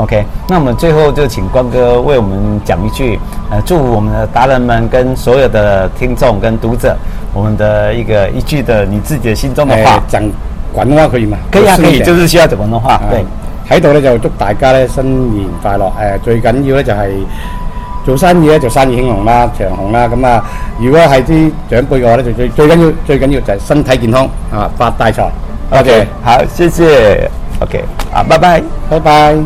O、okay, K，那我們最後就請光哥為我們講一句，呃，祝福我們的達人們跟所有的聽眾跟讀者，我們的一個一句的你自己的心中的話，講廣東話可以嗎，啊？可以啊，可以，可以就是需要廣東話。對，喺度咧就祝大家咧新年快樂，誒、呃，最緊要咧就係做生意咧，做生意興隆啦，長紅啦。咁啊，如果係啲長輩嘅話咧，就最最緊要最緊要就係身體健康啊，發大財。O K，好，謝謝。O K，啊，拜拜，拜拜。